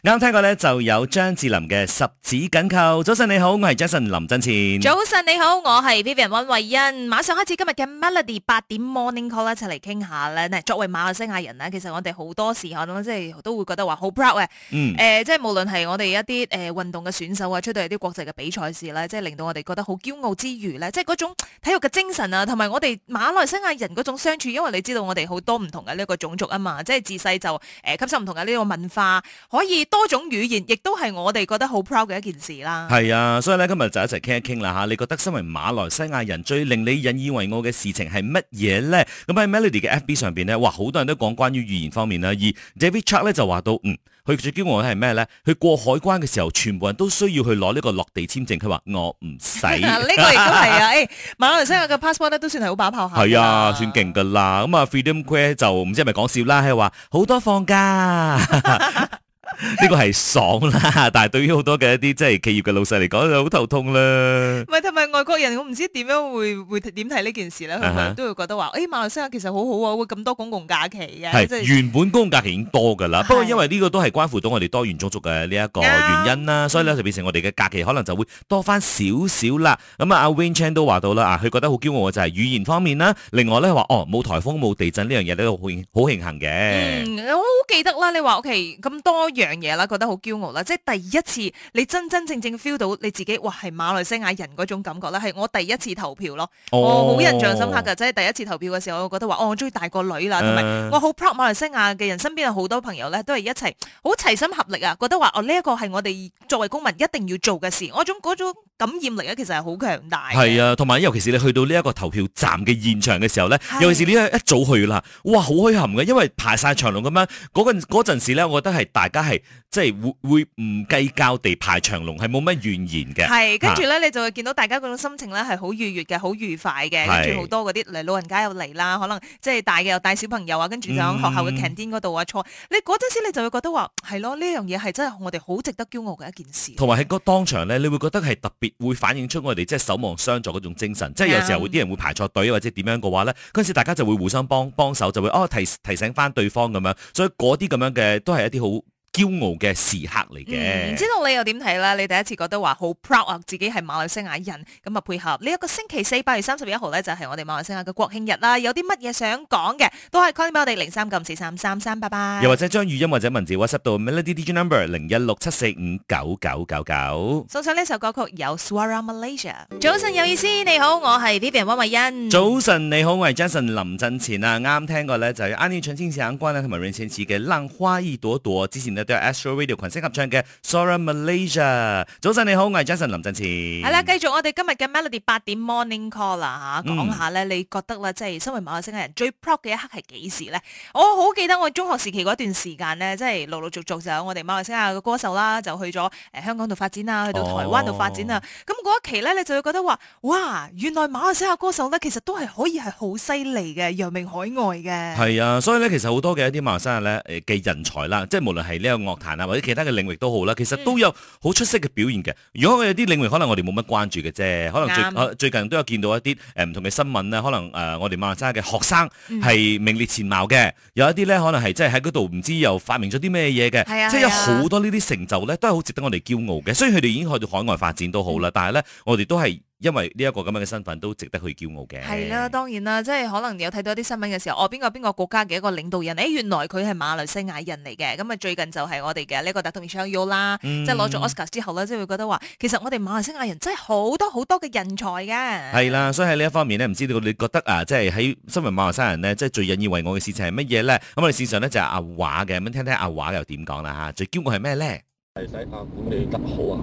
啱聽過咧，就有張智霖嘅十指緊扣。早晨你好，我係 Jason 林振前。早晨你好，我係 Vivian 溫慧欣。馬上開始今日嘅 Melody 八點 Morning Call 一齊嚟傾下咧。作為馬來西亞人呢，其實我哋好多時候，即係都會覺得話好 proud 嘅。誒、嗯呃，即係無論係我哋一啲誒運動嘅選手啊，出到去啲國際嘅比賽事咧，即係令到我哋覺得好驕傲之餘咧，即係嗰種體育嘅精神啊，同埋我哋馬來西亞人嗰種相處，因為你知道我哋好多唔同嘅呢個種族啊嘛，即係自細就誒吸收唔同嘅呢個文化，可以。多種語言，亦都係我哋覺得好 proud 嘅一件事啦。係啊，所以咧今日就一齊傾一傾啦嚇。你覺得身為馬來西亞人，最令你引以為傲嘅事情係乜嘢咧？咁喺 Melody 嘅 FB 上邊咧，哇好多人都講關於語言方面啦。而 David Chuck 咧就話到，嗯，佢最驕傲係咩咧？佢過海關嘅時候，全部人都需要去攞呢個落地簽證，佢話我唔使。啊，呢個亦都係啊！誒，馬來西亞嘅 passport 咧都算係好把炮下。係啊，算勁㗎啦。咁啊，Freedom Que 就唔知係咪講笑啦？係話好多放假。呢個係爽啦，但係對於好多嘅一啲即係企業嘅老細嚟講，就好頭痛啦。唔係，同埋外國人，我唔知點樣會會點睇呢件事咧。佢哋都會覺得話，誒，馬來西亞其實好好啊，會咁多公共假期嘅。即係原本公共假期已經多噶啦，不過因為呢個都係關乎到我哋多元種族嘅呢一個原因啦，所以咧就變成我哋嘅假期可能就會多翻少少啦。咁啊，阿 Wing Chan 都話到啦，啊，佢覺得好驕傲嘅就係語言方面啦。另外咧，話哦冇颱風冇地震呢樣嘢咧，好好慶幸嘅。嗯，我好記得啦，你話 OK 咁多樣。樣嘢啦，覺得好驕傲啦，即係第一次你真真正正 feel 到你自己，哇，係馬來西亞人嗰種感覺啦，係我第一次投票咯，我好、哦哦、印象深刻噶，即係第一次投票嘅時候，我會覺得話，哦，我中意大個女啦，同埋我好 pro 馬來西亞嘅人，身邊有好多朋友咧，都係一齊好齊心合力啊，覺得話，哦，呢一個係我哋作為公民一定要做嘅事，我種種感染力咧，其實係好強大。係啊，同埋尤其是你去到呢一個投票站嘅現場嘅時候咧，是啊、尤其是呢一早去啦，哇，好震撼嘅，因為排晒長龍咁樣，嗰陣嗰陣時咧，我覺得係大家係。即係會會唔計較地排長龍，係冇乜怨言嘅。係跟住咧，啊、你就會見到大家嗰種心情咧，係好愉悅嘅，好愉快嘅。跟住好多嗰啲嚟老人家又嚟啦，可能即係大嘅又帶小朋友啊，跟住就喺學校嘅 canteen 嗰度啊坐。嗯、你嗰陣時，你就會覺得話係咯，呢樣嘢，係真係我哋好值得驕傲嘅一件事。同埋喺個當場咧，你會覺得係特別會反映出我哋即係守望相助嗰種精神。嗯、即係有時候啲人會排錯隊或者點樣嘅話咧，嗰陣時大家就會互相幫幫手，就會哦提提醒翻對方咁樣。所以嗰啲咁樣嘅都係一啲好驕傲嘅時刻嚟嘅，唔知道你又點睇啦？你第一次覺得話好 proud 啊，自己係馬來西亞人咁啊，配合呢一個星期四八月三十一號呢，就係我哋馬來西亞嘅國慶日啦，有啲乜嘢想講嘅，都係 call 我哋零三九四三三三八八，又或者將語音或者文字 WhatsApp 到 Melody DJ Number 零一六七四五九九九九，送上呢首歌曲有 Swara Malaysia。早晨有意思，你好，我係 Vivian 溫慧欣。早晨你好，我係 Jason。臨陣前啊，啱聽過呢就係安以迅，天使眼光咧，同埋任賢齊嘅浪花一朵朵，之前呢。對 Astro Radio 群星合唱嘅 Sora Malaysia，早晨你好，我係 Jason 林振前。係啦，繼續我哋今日嘅 Melody 八點 Morning Call 啦吓，講下咧你覺得啦，即係身為馬來西亞人最 proud 嘅一刻係幾時咧？我好記得我中學時期嗰段時間咧,即係陸陸續續就有我哋馬來西亞嘅歌手啦，就去咗誒香港度發展啦，去到台灣度發展啊。咁嗰一期咧，你就會覺得話，哇，原來馬來西亞歌手咧，其實都係可以係好犀利嘅，揚名海外嘅。係啊，所以咧其實好多嘅一啲馬來西亞咧誒嘅人才啦，即係無論係有樂壇啊，或者其他嘅領域都好啦，其實都有好出色嘅表現嘅。如果有啲領域，可能我哋冇乜關注嘅啫。可能最對最近都有見到一啲誒唔同嘅新聞啦。可能誒、呃、我哋馬來西亞嘅學生係名列前茅嘅，有一啲咧可能係真係喺嗰度唔知又發明咗啲咩嘢嘅，即係、啊、有好多呢啲成就咧都係好值得我哋驕傲嘅。雖然佢哋已經去到海外發展都好啦，嗯、但係咧我哋都係。因為呢一個咁樣嘅身份都值得去驕傲嘅。係啦，當然啦，即係可能你有睇到一啲新聞嘅時候，哦，邊個邊個國家嘅一個領導人，誒，原來佢係馬來西亞人嚟嘅。咁啊，最近就係我哋嘅呢個 Datuk Michelle Yeoh 啦，即係攞咗奧斯卡之後咧，即係會覺得話，其實我哋馬來西亞人真係好多好多嘅人才嘅。係啦，所以喺呢一方面咧，唔知道你覺得啊，即係喺身為馬來西亞人咧，即係最引以為傲嘅事情係乜嘢咧？咁我哋綫上咧就係阿華嘅，咁聽聽阿華又點講啦吓？最驕傲係咩咧？係使阿管理得好啊！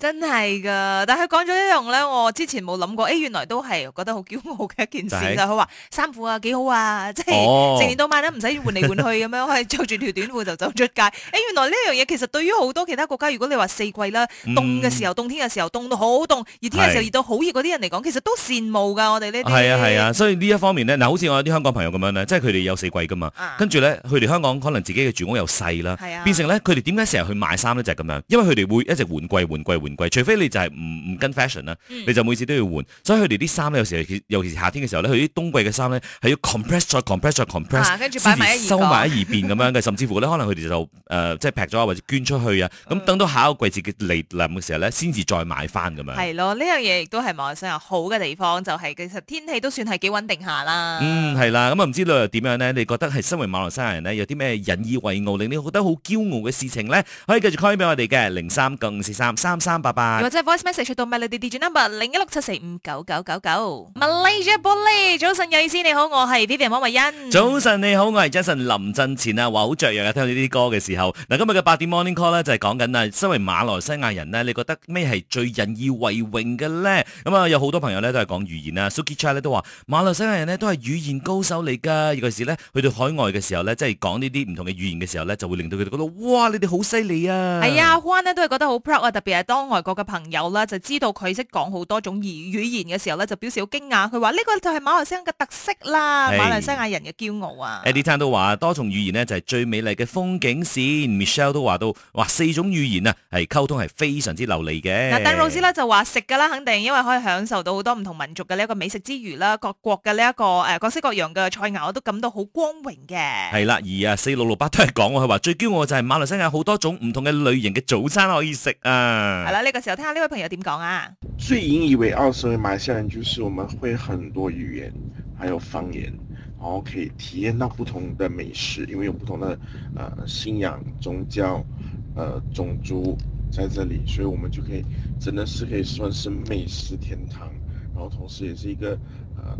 真係噶！但係佢講咗一樣咧，我之前冇諗過，誒，原來都係覺得好驕傲嘅一件事啦。佢話衫褲啊，幾好啊，即係成年到晚都唔使、oh. 換嚟換去咁樣，可以 着住條短褲就走出街。誒，原來呢樣嘢其實對於好多其他國家，如果你話四季啦，凍嘅時、嗯、時候、冬天嘅時候、凍到好凍，熱天嘅時候是熱到好熱，嗰啲人嚟講，其實都羨慕噶。我哋呢啲係啊係啊，所以呢一方面咧，嗱，好似我啲香港朋友咁樣咧，即係佢哋有四季噶嘛，啊、跟住咧，佢哋香港可能自己嘅住屋又細啦，啊、變成咧，佢哋點解成日去買衫咧？就係咁樣，因為佢佢哋會一直換季換季換季，除非你就係唔唔跟 fashion 啦，你就每次都要換，所以佢哋啲衫咧，有時尤其是夏天嘅時候咧，佢啲冬季嘅衫咧係要 compress 再，compress 再，compress，啊，跟住擺埋喺衣櫃，收埋喺一邊咁樣嘅，甚至乎咧可能佢哋就誒即係劈咗啊，或者捐出去啊，咁等到下一個季節嘅嚟臨嘅時候咧，先至再買翻咁樣。係咯，呢樣嘢亦都係馬來西亞好嘅地方，就係其實天氣都算係幾穩定下啦。嗯，係啦，咁啊唔知你又點樣咧？你覺得係身為馬來西亞人咧，有啲咩引以為傲，令你覺得好驕傲嘅事情咧？可以繼續講俾我哋嘅。零三共四三三三八八，或者 voice message 到 Melody DJ number 零一六七四五九九九九。Malaysia Boleh，早晨有意思，你好，我係 DJ 黃慧欣。早晨你好，我係 Jason 林振前啊，話好雀躍啊，聽到呢啲歌嘅時候。嗱，今日嘅八點 Morning Call 咧，就係講緊啊，身為馬來西亞人咧，你覺得咩係最引以為榮嘅咧？咁啊，有好多朋友咧都係講語言啊，Suki Chai 咧都話馬來西亞人咧都係語言高手嚟噶。尤其是咧去到海外嘅時候咧，即係講呢啲唔同嘅語言嘅時候咧，就會令到佢哋覺得哇，你哋好犀利啊！係啊。咧都係覺得好 proud 啊！特別係當外國嘅朋友啦，就知道佢識講好多種語言嘅時候咧，就表示好驚訝。佢話呢個就係馬來西亞嘅特色啦，hey, 馬來西亞人嘅驕傲啊！Eddie Tan 都話多重語言呢，就係最美麗嘅風景線。Michelle 都話到哇四種語言啊係溝通係非常之流利嘅。那鄧老師咧就話食㗎啦，肯定因為可以享受到好多唔同民族嘅呢一個美食之餘啦，各國嘅呢一個誒各式各樣嘅菜肴，我都感到好光榮嘅。係啦，而啊四六六八都係講佢話最驕傲就係馬來西亞好多種唔同嘅類型嘅組織。真係好意思啊！係啦，呢個時候聽下呢位朋友點講啊？最引以為傲身為馬來西亞人，就是我們會很多語言，還有方言，然後可以體驗到不同的美食，因為有不同的呃信仰、宗教、呃種族在這裏，所以我們就可以真的是可以算是美食天堂，然後同時也是一個呃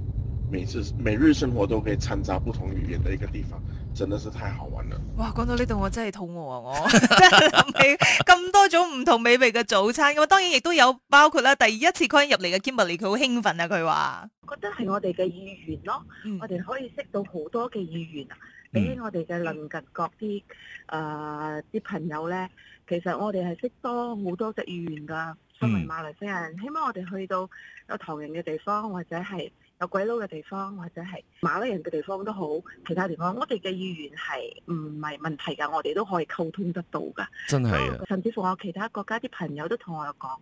每次每日生活都可以摻雜不同語言的一個地方。真的是太好玩啦！哇，講到呢度我真係肚餓啊，我真係咁 多種唔同美味嘅早餐噶嘛，當然亦都有包括啦。第一次 come 入嚟嘅 Kimberly，佢好興奮啊，佢話覺得係我哋嘅語言咯，嗯、我哋可以識到好多嘅語言啊，俾、嗯、我哋嘅鄰近各啲啊啲朋友呢，其實我哋係識多好多隻語言噶，身為馬來西亞人，嗯、希望我哋去到有唐人嘅地方或者係。有鬼佬嘅地方，或者係馬來人嘅地方都好，其他地方我哋嘅語言係唔係問題㗎，我哋都可以溝通得到㗎。真係的、啊、甚至乎我其他國家啲朋友都同我講，誒、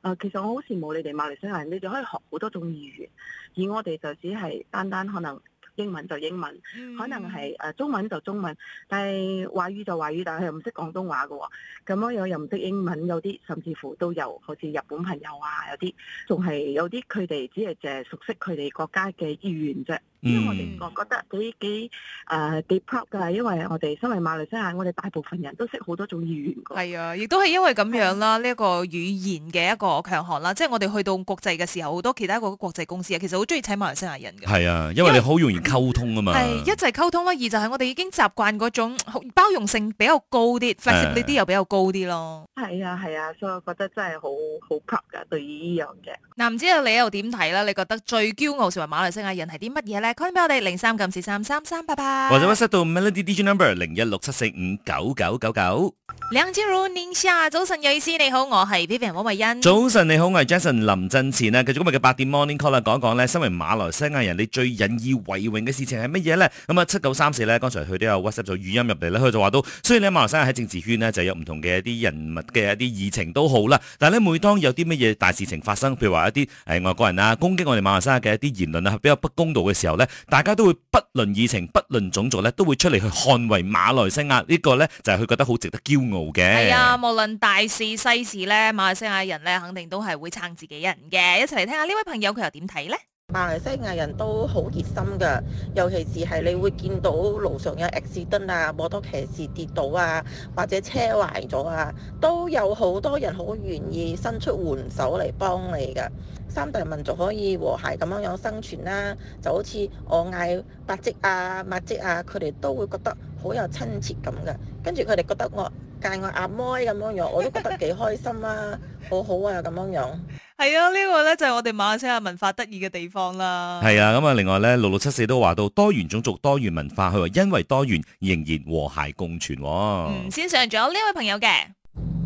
呃，其實我好羨慕你哋馬來西亞人，你哋可以學好多種語言，而我哋就只係單單可能。英文就英文，可能係誒中文就中文，但係華語就華語，但係又唔識廣東話嘅喎、哦。咁啊有又唔識英文，有啲甚至乎都有，好似日本朋友啊，有啲仲係有啲佢哋只係淨係熟悉佢哋國家嘅語言啫、嗯呃。因為我哋覺覺得幾幾誒幾 proud 噶，因為我哋身為馬來西亞，我哋大部分人都識好多種語言。係啊，亦都係因為咁樣啦，呢一、嗯、個語言嘅一個強項啦。即係我哋去到國際嘅時候，好多其他個國際公司啊，其實好中意請馬來西亞人嘅。係啊，因為你好容易。溝通啊嘛，係一齊溝通啦。二就係我哋已經習慣嗰種包容性比較高啲，發洩呢啲又比較高啲咯。係啊係啊，所以我覺得真係好好級噶對於呢樣嘅。嗱，唔知道你又點睇啦？你覺得最驕傲作為馬來西亞人係啲乜嘢咧？可以俾我哋零三九四三三三，八八。或者 WhatsApp 到 d Number 零一六七四五九九九九。梁家儒女士啊，早晨，瑞思你好，我係 Vivian，王慧欣。早晨你好，我係 Jason 林振前啊。繼續今日嘅八點 Morning Call 啦，講一講咧，身為馬來西亞人，你最引以為榮嘅事情係乜嘢呢？咁、嗯、啊，七九三四呢，剛才佢都有 WhatsApp 咗語音入嚟呢。佢就話到：「雖然咧馬來西亞喺政治圈呢，就有唔同嘅一啲人物嘅一啲議程都好啦，但係呢，每當有啲乜嘢大事情發生，譬如話一啲誒、哎、外國人啊攻擊我哋馬來西亞嘅一啲言論啊比較不公道嘅時候呢，大家都會不論議程，不論種族呢，都會出嚟去捍衛馬來西亞呢、這個呢，就係、是、佢覺得好值得驕傲。係啊，無論大事細事咧，馬來西亞人咧肯定都係會撐自己人嘅。一齊嚟聽下呢位朋友佢又點睇呢？馬來西亞人都好熱心噶，尤其是係你會見到路上有 accident 啊、摩托騎士跌倒啊，或者車壞咗啊，都有好多人好願意伸出援手嚟幫你噶。三大民族可以和諧咁樣樣生存啦、啊，就好似我嗌白跡啊、墨跡啊，佢哋都會覺得好有親切感噶。跟住佢哋覺得我。介我阿妹咁樣樣，我都覺得幾開心啦，好好啊又咁樣樣。係啊，呢個咧就係我哋馬來西亞文化得意嘅地方啦。係啊，咁啊，另外咧，六六七四都話到多元種族、多元文化，佢話因為多元仍然和諧共存。嗯，先上仲有呢位朋友嘅。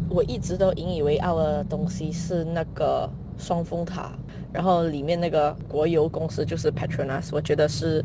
我一直都引以為傲嘅東西是那個雙峰塔，然後裡面那個國油公司就是 Petronas 我覺得是。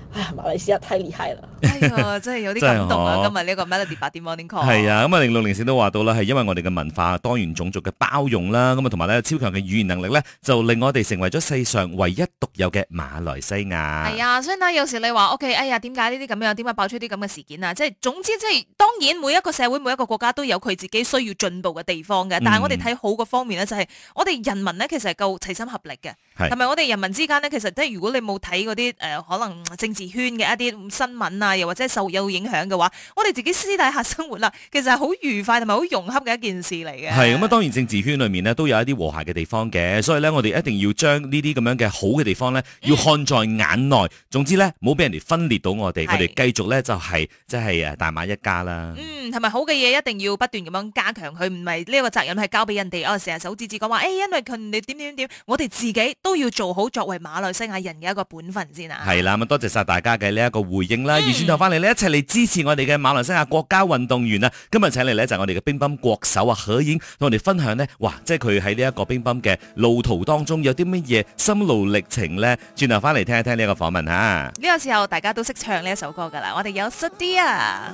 哎呀，馬來西亞太厲害啦！哎呀，真係有啲感動啊！ 今日呢個 Melody 八點 Morning Call 係啊，咁 啊零六零線都話到啦，係因為我哋嘅文化多元種族嘅包容啦，咁啊同埋咧超強嘅語言能力咧，就令我哋成為咗世上唯一獨有嘅馬來西亞。係啊，所以咧有時你話屋企，okay，哎呀點解呢啲咁樣，點解爆出啲咁嘅事件啊？即係總之即係當然每一個社會每一個國家都有佢自己需要進步嘅地方嘅，但係我哋睇好個方面呢，就係我哋人民呢，其實係夠齊心合力嘅，同埋是我哋人民之間呢，其實即係如果你冇睇嗰啲誒可能政治。圈嘅一啲新聞啊，又或者受有影響嘅話，我哋自己私底下生活啦，其實係好愉快同埋好融洽嘅一件事嚟嘅。係咁啊，當然政治圈裏面呢都有一啲和諧嘅地方嘅，所以咧我哋一定要將呢啲咁樣嘅好嘅地方咧要看在眼內。嗯、總之咧，唔好俾人哋分裂到我哋，的我哋繼續咧就係即係誒大馬一家啦。嗯，係咪好嘅嘢一定要不斷咁樣加強佢？唔係呢個責任係交俾人哋哦。成日手指指講話，誒、欸，因為佢哋點點點，我哋自己都要做好作為馬來西亞人嘅一個本分先啊。係啦，咁、嗯、多謝晒大家嘅呢一個回應啦，嗯、而轉頭翻嚟呢，一齊嚟支持我哋嘅馬來西亞國家運動員啊！今日請嚟呢，就係、是、我哋嘅乒乓國手啊，何英同我哋分享呢，哇！即係佢喺呢一個乒乓嘅路途當中有啲乜嘢心路歷程呢？轉頭翻嚟聽一聽呢一個訪問嚇。呢個時候大家都識唱呢一首歌㗎啦，我哋有 Sedia